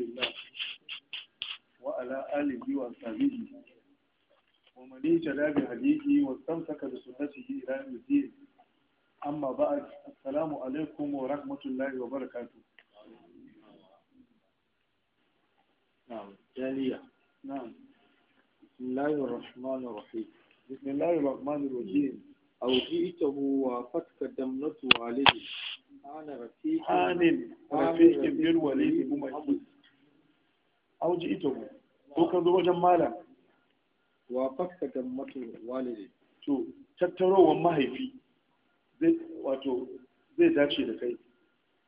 لله وعلى آله وأصحابه ومن اهتدى بهديه واستمسك بسنته إلى يوم الدين أما بعد السلام عليكم ورحمة الله وبركاته نعم جالية نعم بسم الله الرحمن الرحيم بسم الله الرحمن الرحيم أو جئته وفتك دمنته عليه أنا رفيق آن رفيق بالوليد ممجد auji ito ko ka zo wajen malam wa fakta gammatu walidi to tattarowar mahaifi zai wato zai dace da kai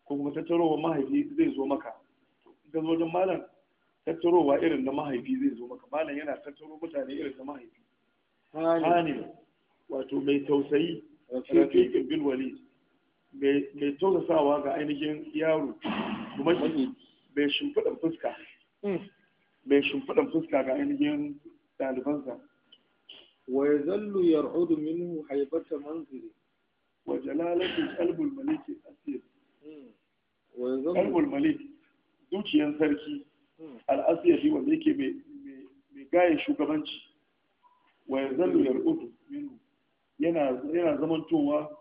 ko kuma tattarowar mahaifi zai zo maka ka zo wajen malam tattarowa irin na mahaifi zai zo maka malam yana tattaro mutane irin na mahaifi hani wato mai tausayi rafiqin bil wali mai tausasawa ga ainihin yaro kuma bai shimfiɗa fuska mai shimfiɗan fuska ga ainihin ɗalibansa Wai zallu ya rahudu minu haibata manzili wa jalalatin kalbul maliki asir kalbul malik hmm. zuciyar sarki fi hmm. wanda yake mai gayan shugabanci Wai zallu ya rahudu minu yana zamantowa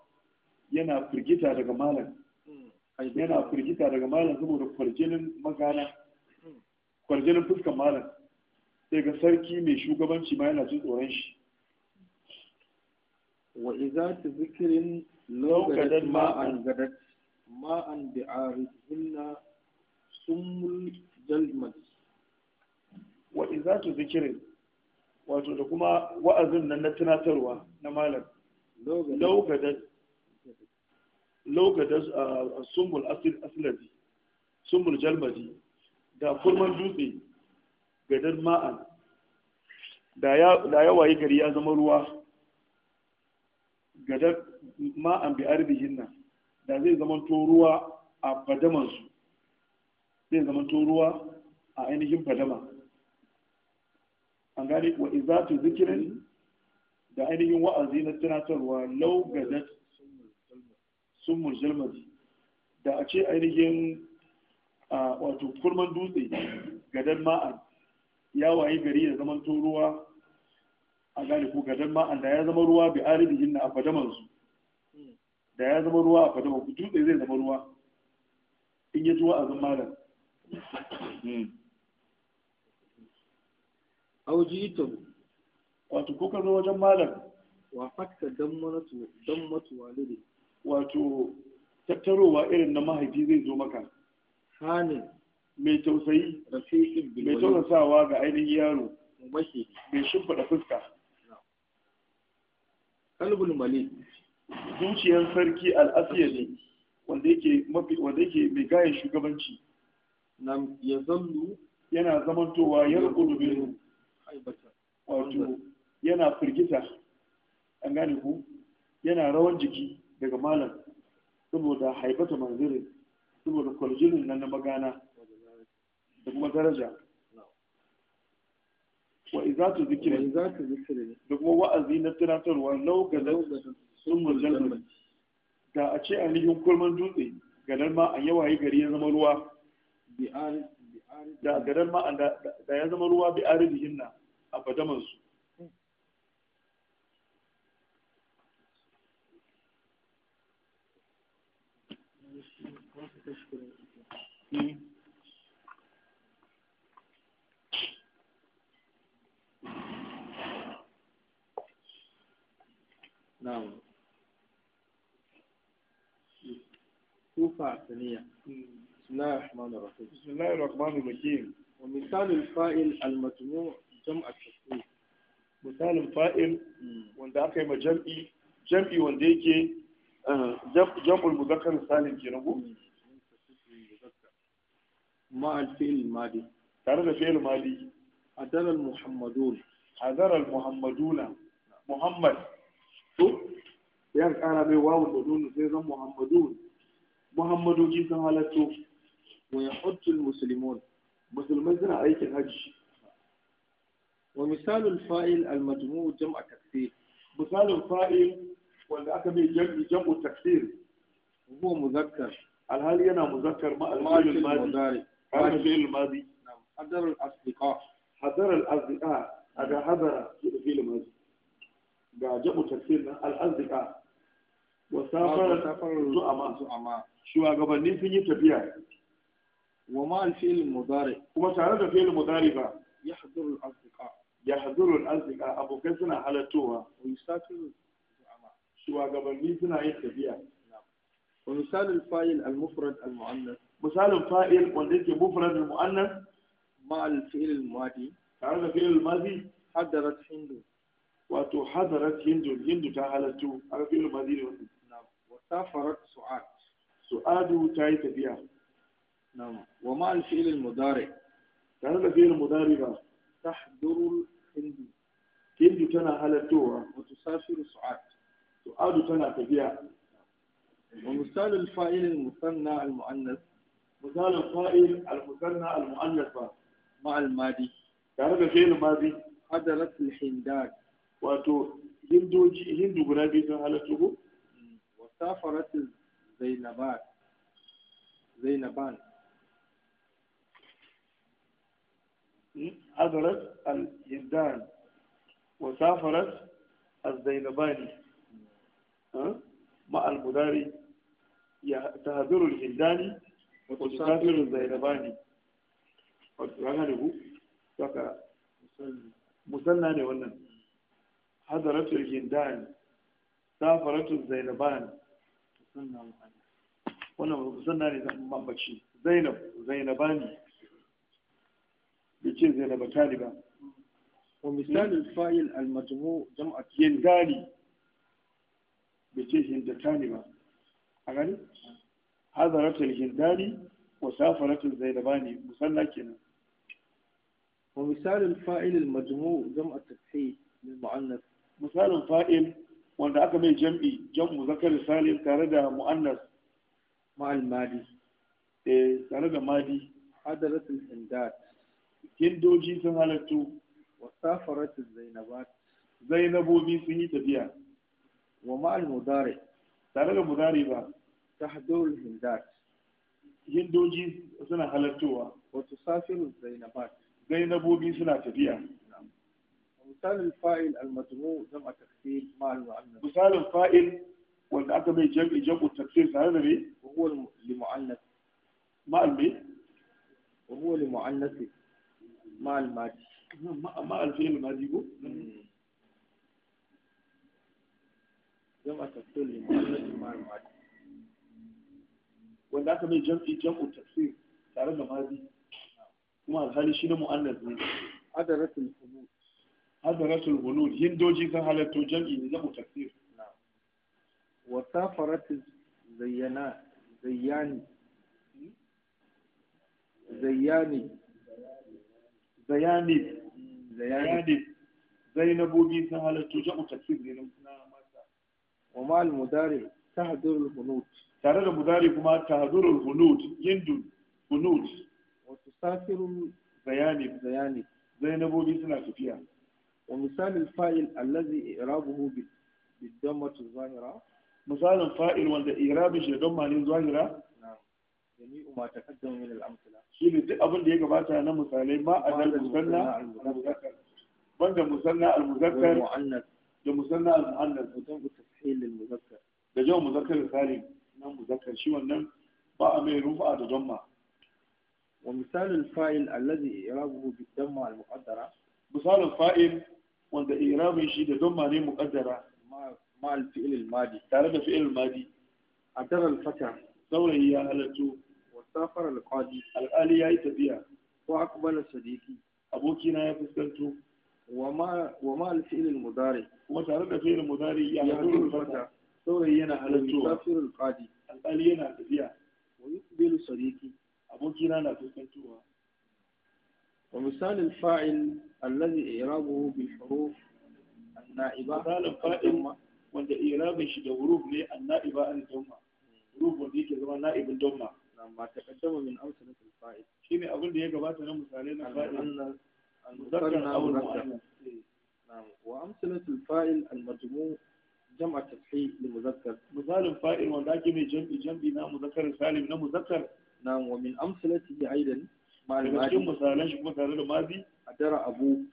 yana firgita daga malam hmm. yana firgita daga malam saboda kwarjinin magana kwarjinin fuskan malam sai ga sarki mai shugabanci ma yana jin tsoron shi wa iza ta zikirin lokacin ma'an gadat ma'an da a rikinna sun jalmat wa iza ta zikirin wato da kuma wa'azin nan na tunatarwa na malam lokacin lokacin a ah, sumbul asilabi sumbul jalmadi da kurman dutse gadar ma'an da ya waye gari ya zama ruwa gadar ma'an bi arzihin nan da zai zama to ruwa a fadamansu zai zama to ruwa a ainihin fadama an gane wa izatu zikirin da ainihin wa'azi na tunatarwa lau gadat sun murjalmati da a ce ainihin wato kurman dutse gadan ma'an ya waye gari da zaman to ruwa a gane ko gadan ma'an da ya zama ruwa bi aribihin na afadaman su da ya zama ruwa a fadaman ku dutse zai zama ruwa in ya a wa'azin malam hmm. aujito wato ko ka zo wajen malam wa fakta dan matu dan wato tattarowa irin na mahaifi zai zo maka hanin mai tausayi mai tausasawa ga ainihin yaro mai shimfiɗa fuska kalbul malik zuciyar sarki al'asiya ne wanda yake mai gayan shugabanci na ya zallu yana zamantowa ya rukudu biyu wato yana firgita an gane ku yana rawan jiki daga malam saboda haibata manzirin saboda kwaljinin nan na magana da kuma daraja wa iza tu zikiri da kuma wa'azi na tunatarwa lau ga sun mujallar da a ce ainihin kulman dutse ga nan ma a yi gari ya zama ruwa da ma da ya zama ruwa bi aridihin na a fadamansu نعم كوفة عسنية بسم الله الرحمن الرحيم بسم الله الرحمن الرحيم ومثال الفائل المجموع جمع التسليم مثال الفائل wanda aka yi ma jam'i jam'i wanda yake jam'ul muzakkar ما الفيل الماضي تعرف الفيل الماضي حذر المحمدون حذر المحمدون محمد تو يعني أنا بي بدون دون زي محمدون محمد وجي كان على تو ويحط المسلمون مثل زنا عليك الحج ومثال الفائل المجموع جمع تكثير مثال الفائل واللي جمع جمع تكثير هو مذكر الحال أنا مذكر ما الماضي المضارع كان الفعل الماضي نعم حضر الاصدقاء حضر الاصدقاء هذا نعم. حضر في الماضي جاءوا تفسيرنا الاصدقاء وسافر سافر الزعماء الزعماء شو اغبن في تبيع وما الفعل المضارع وما تعرف الفعل المضارع يحضر الاصدقاء يحضر الاصدقاء ابو كسنا على توها ويسافر الزعماء شو اغبن في تبيع نعم. ومثال الفاعل المفرد المؤنث مثال فاعل والذي مفرد المؤنث مع الفعل الماضي تعرف الفعل الماضي حضرت هند وتحضرت هند هند تعالت على الفعل الماضي نعم وسافرت سعاد سعاد تعيت بها نعم ومع الفعل المضارع تعرف الفعل المضارع تحضر الهند هند تنا على وتسافر سعاد سعاد تنا بها ومثال الفاعل المثنى المؤنث مثال القائل المثنى المؤنثة مع المادي تعرف شيء المادي حضرت الهندات واتو هندو هندو غرابي سن حالته وسافرت زينبان زينبان حضرت الهندان وسافرت الزينباني مع المداري تهذر الهنداني wato sabirin zainabani wato ya gane saka ne wannan hadaratul safaratul wannan musanna ne zainab ba ومثال الفاعل المجموع جمع ينداني بيتي هندتاني ما أغاني hazaratul hindani wa safaratul zainabani musalla kenan wa misalin fa'ilil majmu jam'a tafsir lil mu'annas misalin fa'il wanda aka mai jam'i jam'u zakar salim tare da mu'annas ma'al madi eh tare da madi hadaratul hindat hindoji sun halattu wa safaratul zainabat zainabobi sun yi tafiya wa ma'al mudari tare da mudari ba تحضر الهندات هندوجي سنة هلتوا وتسافر زينبات زينبو بي سنة تبيع نعم. مثال الفائل المجموع جمع تكثير مع المعنى مثال الفائل وانت اتبع جمع جمع التكثير سنة وهو لمعنث ما المي وهو لمعنث مع المادي ما ما الفيل المادي بو جمع تكثير لمعنث ما المادي wanda aka mai jam'i jam'u tafsir tare da mazi kuma alhali shi ne mu'annas ne hadaratul hulud hadaratul hulud hindoji kan halatto jam'i ne jam'u tafsir wa safarat zayyana zayyani zayyani zayyani zayani zainabobi sun halatto jam'u tafsir ne na mata wa mal mudari tahdirul hulud tare da mudari kuma tahdurul hunud yindu hunut wa tusafiru bayani bayani zainabobi suna tafiya wa misalin fa'il allazi i'rabuhu bi bidammatu zahira misalin fa'il wanda i'rabin shi da damma ne zahira jami'u ma taqaddama min al Shi ne duk abin da ya gabata na misalai ma adal musanna al-muzakkar banda musanna al-muzakkar da musanna al-muannas al da jawu muzakkar salim nan muzakkar shi wannan ba a mai rufa da damma wa misalin fa'il allazi i'rabuhu bi damma al muqaddara misalin fa'il wanda i'rabin shi da damma ne muqaddara ma al fi'il al madi tare da fi'il al madi adara al fata saurayi ya halattu wa safar al qadi al ali yayi tafiya wa aqbala sadiqi abokina ya fuskanto wa ma al fi'il al mudari kuma tare da fi'il al mudari ya halattu al fata saurayi yana halattowa kafirul qadi alƙali yana tafiya wa yuqbilu sadiqi abokina na fuskantowa wa misalin fa'il allazi i'rabuhu bil huruf an-na'iba misalin fa'il wanda i'rabin shi da huruf ne an-na'iba an dhamma huruf wanda yake zama na'ibin dhamma ma taqaddama min amsalatil fa'il shine abin da ya gabata na misalai na fa'il المذكر أو المؤنث نعم وأمثلة الفاعل المجموع jam'a tashih li mai jam'i jam'i na muzakkar salim na muzakkar na wa min amsalati aidan daga cikin misalan shi kuma tare da mazi hadara abu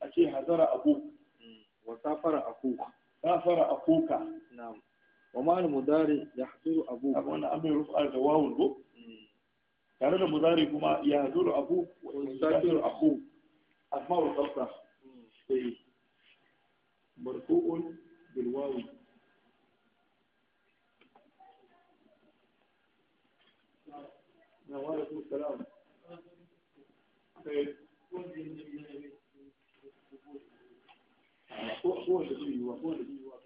a ce hadara abu hmm. wa safara aku safara akuka na'am wa ma al mudari yahduru abu abu wannan an bai rufa da wawun ko hmm. tare da mudari kuma yahduru abu wa yahduru aku asma'ul khamsa hmm. marfu'un بالواو نعم، وعليكم السلام هو الذي هو هو الذي هو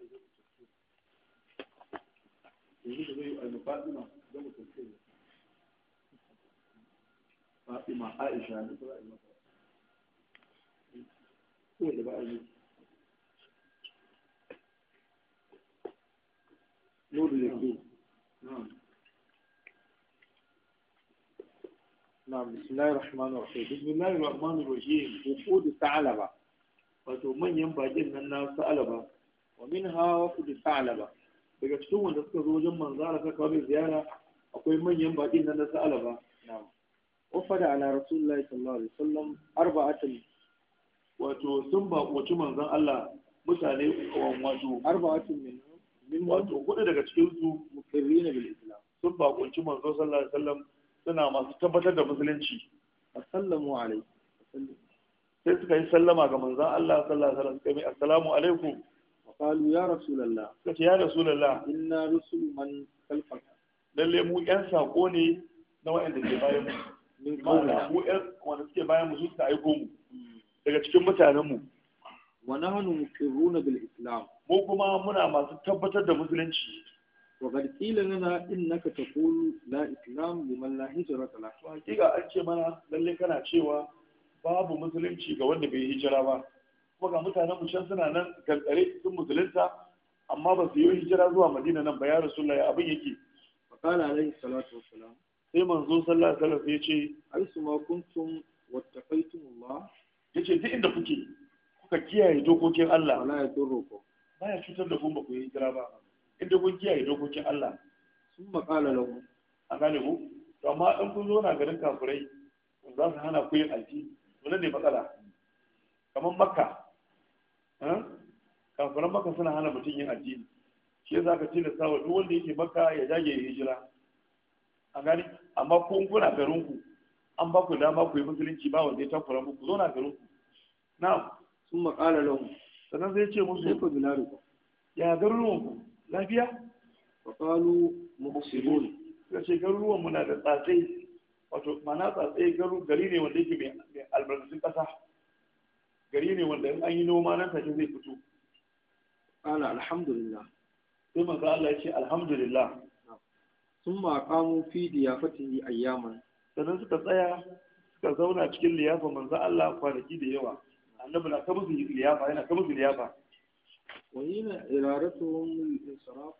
يجب زي المقدمة جمع التفسير فاطمة عائشة هو إيه اللي بقى نور اليقين نعم نعم بسم الله الرحمن الرحيم بسم الله الرحمن الرحيم وفود الثعلبة wato manyan bakin nan na sa'alaba wa min ha wafudu sa'alaba daga cikin wanda suka zo wajen manzara ka kawo ziyara akwai manyan bakin nan na sa'alaba na'am wafada ala rasulullahi sallallahu alaihi wasallam arba'atan wato sun ba manzon Allah mutane wato arba'atun min min wato hudu daga cikin su na bil islam sun bakunci manzo sallallahu alaihi wasallam suna masu tabbatar da musulunci assalamu alaikum sai suka yi sallama ga manzon Allah sallallahu alaihi wasallam suka yi assalamu alaikum qalu ya rasulullah kace ya rasulullah inna rusul man khalfaka lalle mu yan sako ne na wanda ke bayan mu min kauna mu yan wanda suke bayan mu su ta aiko mu hmm. daga cikin mutanen mu wa nahnu muqirruna bil islam mu kuma muna masu tabbatar da musulunci wa qad qila lana innaka taqulu la islam man la hijrata ta to hakika an ce mana lalle kana cewa babu musulunci ga wanda bai hijira ba kuma ga mutanen mu can suna nan gangare sun musulunta amma ba su yi hijira zuwa madina nan ba ya ya abin yake fa qala alaihi salatu wassalam sai manzo sallallahu alaihi wasallam ya ce aisu ma kuntum wattaqaitumullah yace duk inda kuke kuka kiyaye dokokin Allah wala yadurrukum baya cutar da kun ku yi kira ba inda kun kiyaye dokokin Allah sun makala lahu a gane ku to amma in kun zo na garin kafirai za su hana ku yin addini wannan ne matsala kamar makka eh? kafiran makka suna hana mutum yin addini shi yasa ka tilasta wa duk wanda yake makka ya jage ya hijira a gani amma ko kuna garin ku an ba ku dama ku yi musulunci ba wanda ya takura muku zo na garin ku na'am sun makala lahu sannan zai ce musu yafa bilari ya garuruwan ku lafiya wa qalu mubsirun ya ce garuruwan mu na da tsatsai wato mana tsatsai garu gari ne wanda yake mai albarkacin kasa gari ne wanda in an yi noma nan tafi zai fito qala alhamdulillah sai manzo Allah ya ce alhamdulillah summa qamu fi yi ayyaman sannan suka tsaya suka zauna cikin liyafa manzo Allah kwanaki da yawa annabi na ta musu liyafa yana ta musu liyafa wa hina iradatuhum al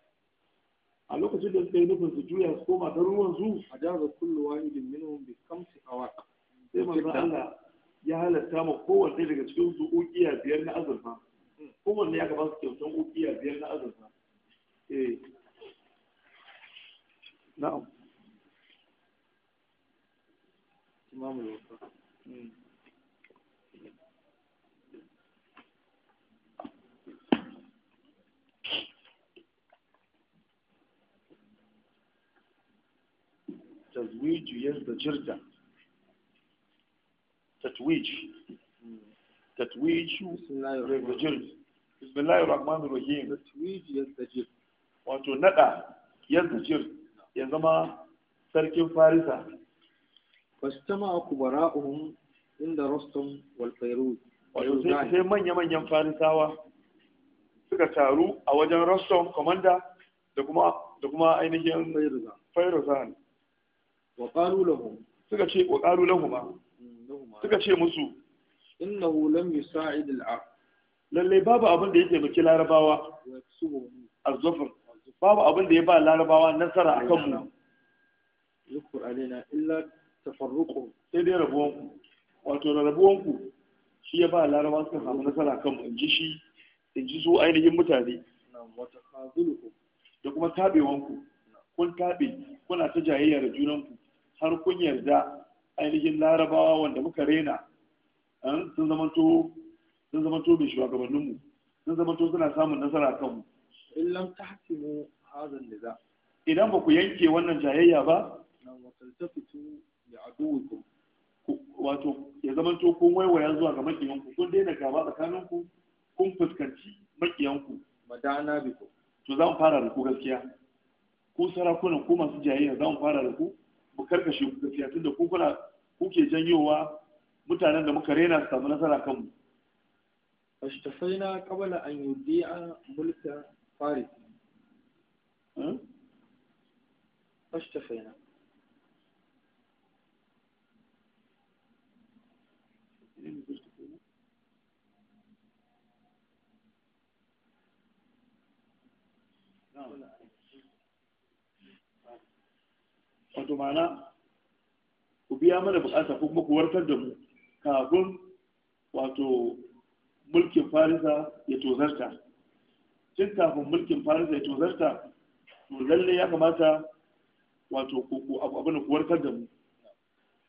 a lokacin da suka yi nufin su juya su koma ta ruwan su a jaza kullu wahidin minhum bi khamsi awaq sai manzo Allah ya halatta ma kowanne daga cikin su ukiya biyar na azurfa kowanne ya gaba su kyautan ukiya biyar na azurfa eh. na'am imamul wafa hmm. تتويج يزد tatwij بسم الله الرحمن الرحيم تتويج يزد wato nada yazdajir ya zama sarkin farisa fastama kubara'uhum inda rostom wal wato sai manya-manyan farisawa suka taru a wajen rostom komanda da kuma ainihin fairuzan wa ƙaru lahum suka ce suka ce musu innahu lam yusa'id al-arab lalle babu abin da ya taimaki larabawa az-zufr babu abin da ya ba larabawa nasara akan mu yukur alaina illa tafarruqu sai dai rabuwan wato rabuwan ku shi ya ba larabawa suka samu nasara kan mu inji shi inji su ainihin mutane da kuma tabewan ku kun tabe kuna ta jayayya da junan ku har kun yarda ainihin larabawa wanda muka rena eh, sun zamanto sun zamanto mai shugabanninmu sun zamanto suna samun nasara kanmu in lam tahsimu hadha niza idan ba ku yanke wannan jayayya ba nan wasaltafitu li aduwikum wato ya zamanto kun waiwaya zuwa ga makiyanku kun daina gaba tsakaninku kun fuskanci makiyanku madana biku to za mu fara da ku gaskiya ku sarakunan ku masu jayayya za mu fara da ku mu karkashe ku gaskiya tunda ku kuna kuke janyowa mutanen da muka rena su samu nasara kanmu fashtafaina qabla an yudi'a mulka faris hmm? fashtafaina wato ma'ana ku biya mana bukata ko kuma ku warkar da mu kafin wato mulkin farisa ya tozarta tun kafin mulkin farisa ya tozarta to lalle ya kamata wato ku abin ku warkar da mu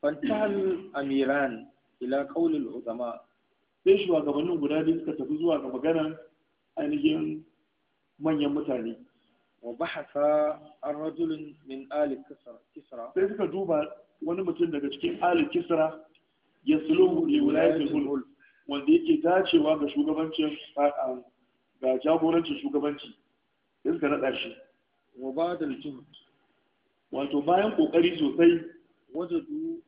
fantahal amiran ila qaulil uzama sai shugabannin guda biyu suka tafi zuwa ga maganar ainihin manyan mutane wa bahasa an rajulun min ali kisra sai suka duba wani mutum daga cikin ali kisra ya suluhu li wilayatul mulk wanda yake dacewa ga shugabancin ga jagorancin shugabanci sai suka naɗa shi wa ba'da al-juhd wato bayan ƙoƙari sosai wajadu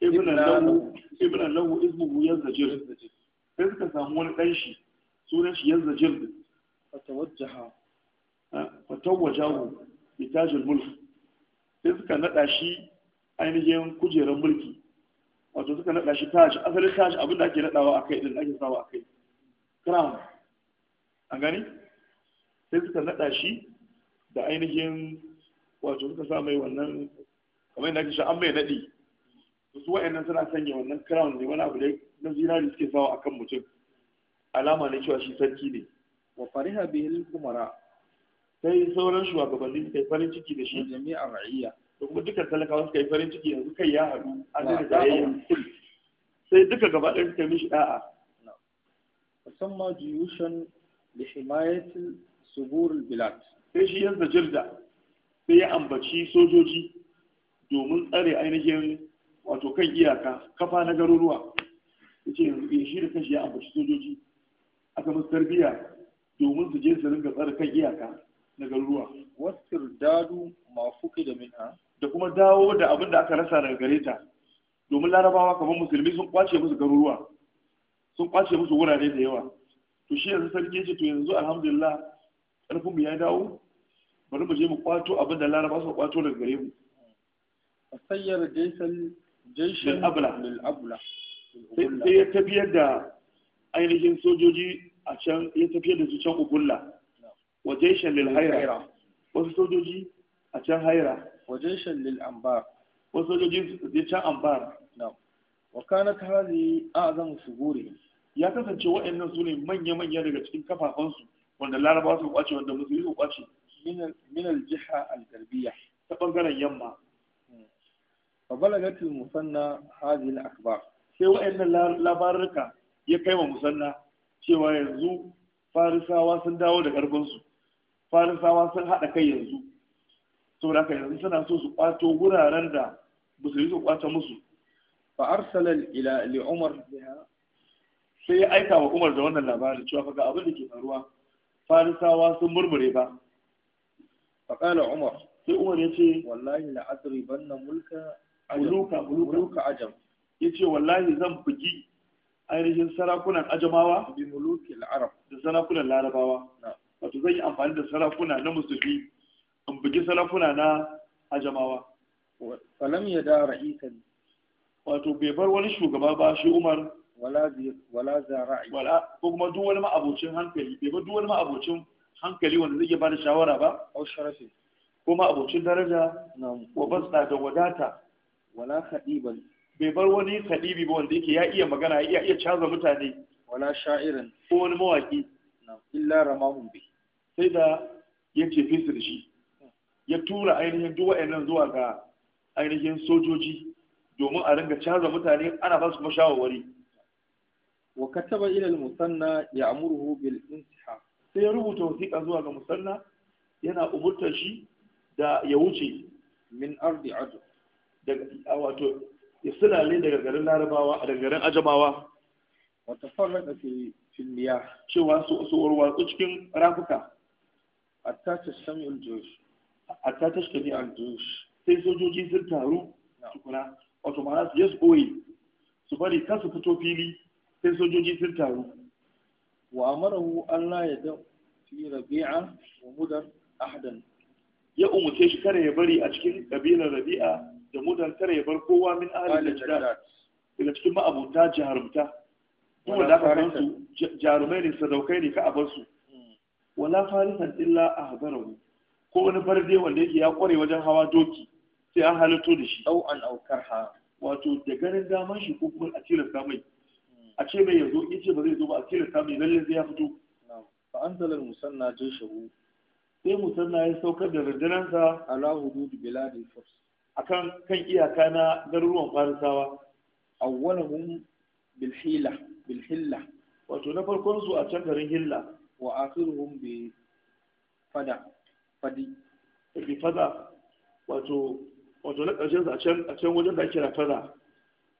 ibnan lahu ibnan lahu ismuhu yazzajir sai suka samu wani ɗan shi sunan shi yazzajir fatawajjaha fatan wajahu itajul mulk sai suka nada shi ainihin kujerar mulki wato suka nada shi tashi asalin tashi abin da ake nadawa a kai din ake sawa a kai crown an gani sai suka nada shi da ainihin wato suka sa mai wannan kamar yadda ake shi an mai nadi su wa'annan suna sanya wannan crown ne wani abu da na zinari suke sawa akan mutum alama ne cewa shi sarki ne wa fariha bihil kumara sai sauran shugabanni suka yi farin ciki da shi jami'ar ra'iyya da kuma dukkan talakawa suka yi farin ciki yanzu kai ya haɗu an da jayayya sai duka gaba ɗaya suka yi mishi da'a musamman juyushan da himayatul suburul bilat sai shi yanzu jirga sai ya ambaci sojoji domin tsare ainihin wato kan iyaka kafa na garuruwa Ya ce yanzu eh, shi da kashi ya ambaci sojoji aka musu tarbiyya domin su je su ringa tsare kan iyaka na garuruwa wasir dadu mafuki da minha da kuma dawo da abin da aka rasa daga gare ta domin larabawa kamar musulmi sun kwace musu garuruwa sun kwace musu wurare da yawa to shi yanzu sarki yace to yanzu alhamdulillah karfin mu ya dawo bari mu je mu kwato abin da larabawa suka kwato daga gare mu asayyar jaisal jaishin abla lil abla sai ya tafiyar da ainihin sojoji a can ya tafiyar da su can ugulla. Wajen jaishan lil haira wasu sojoji a can haira Wajen jaishan lil ambar wasu sojoji a can ambar wa kanat zan a'zamu shuguri ya kasance wa'annan su ne manya-manya daga cikin kafafansu wanda larabawa su kwace wanda musulmi su kwace min jiha al-garbiya ta bangaren yamma hmm. fa balagat al-musanna hadhihi al-akbar sai wa'annan labarurka ya kai wa musanna cewa yanzu farisawa sun dawo da karfinsu farisawa sun haɗa kai yanzu saboda haka yanzu suna so su kwato wuraren da ba su kwato musu fa arsala ila li umar sai ya aika wa umar da wannan labari cewa kaga ga abin da ke faruwa farisawa sun murmure ba fa qala umar sai umar ya ce wallahi la banna mulka muluka muluka ajam yace wallahi zan bugi ainihin sarakunan ajamawa bi mulukil arab da sarakunan larabawa na'am wato zan yi amfani da sarakuna na musulmi in bugi sarakuna na ajamawa falam ya da ra'isan wato bai bar wani shugaba ba shi umar wala za ra'i wala ko kuma duk wani ma'abocin hankali bai bar duk wani ma'abocin hankali wanda zai iya bada shawara ba au sharafi ko ma'abocin daraja wa basta da wadata wala khadiban bai bar wani khadibi ba wanda yake ya iya magana ya iya caza mutane wala sha'irin ko wani mawaki illa ramahum bi sai da ya ce fi shi ya tura ainihin duk wa'annan zuwa ga ainihin sojoji domin a ringa canza mutane ana ba su kuma shawarwari wa kataba ila al-musanna ya'muruhu bil intiha sai ya rubuta wasiƙa zuwa ga musanna yana umurtar shi da ya wuce min ardi adu daga wato ya sulale daga garin larabawa a daga garin ajamawa wata farraka fi filiya cewa su warwatsu cikin rafuka hatta tashkami'ul juyush hatta tashkami'ul sai sojoji sun taru tukuna wato ma'ana su yes boy su bari kan su fito fili sai sojoji sun taru wa amarahu Allah ya da fi rabi'a wa mudan ahadan ya umurce shi kare ya bari a cikin kabilar rabi'a da mudan kare ya bar kowa min ahli da daga cikin ma'abuta jarumta duk wanda aka san su jarumai ne sadaukai ne ka a bar su wala farisan illa ahbarahu ko wani barde wanda yake ya kware wajen hawa doki sai an halatto da shi au an aukar aukarha wato da ganin daman shi ko kuma a tilasta mai a ce mai yanzu in ce ba zai zo ba a tilasta mai lalle zai ya fito fa anzalar musanna jayshahu sai musanna ya saukar da rundunansa ala hudud biladi fars akan kan iyaka na garuruwan farisawa awwalahum bil hila bil hilla wato na farkon su a can garin hilla wa akhiruhum bi fada fadi bi fada wato wato na ƙarshen a can a can wajen da ake kira fada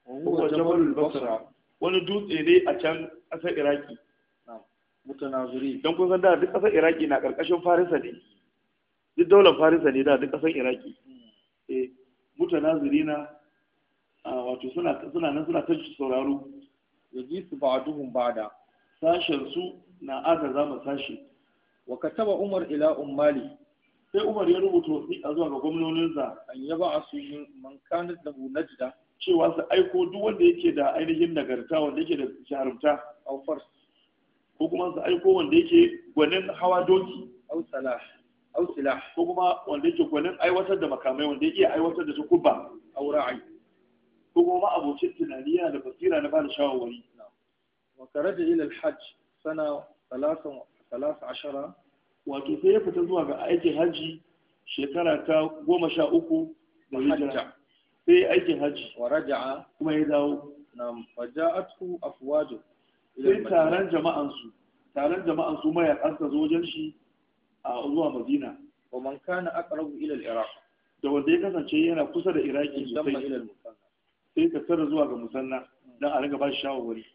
ko jabalul basra wani dutse ne a can ƙasar iraki mutanazuri don kun san da duk ƙasar iraki na ƙarƙashin farisa ne duk daular farisa ne da duk ƙasar iraki hmm. eh mutanazuri na wato suna suna nan suna ta sauraro yaji su ba'duhum ba'da sashen su na aka mu sashi wa kataba umar ila ummali sai umar ya rubuta a zuwa ga gwamnoninsa an yaba a su man kanat lahu najda cewa su aiko duk wanda yake da ainihin nagarta wanda yake da jarumta aw fars ko kuma su aiko wanda yake gwanin hawa doki ausila ko kuma wanda yake gwanin aiwatar da makamai wanda yake aiwatar da su kubba aw ra'i ko kuma abocin tunaniya da basira na ba da shawarwari wa karaja ila hajj sana talata ashara wato sai ya fita zuwa ga aikin hajji shekara ta goma sha uku da hijira sai aikin hajji wa raja'a kuma ya dawo na faja'atu afwaju sai taron jama'ansu taron jama'ansu mai sa zo wajen shi a zuwa madina wa man kana aqrabu ila al-iraq da wanda ya kasance yana kusa da iraki sai ka tara zuwa ga musanna dan a riga ba shi shawarwari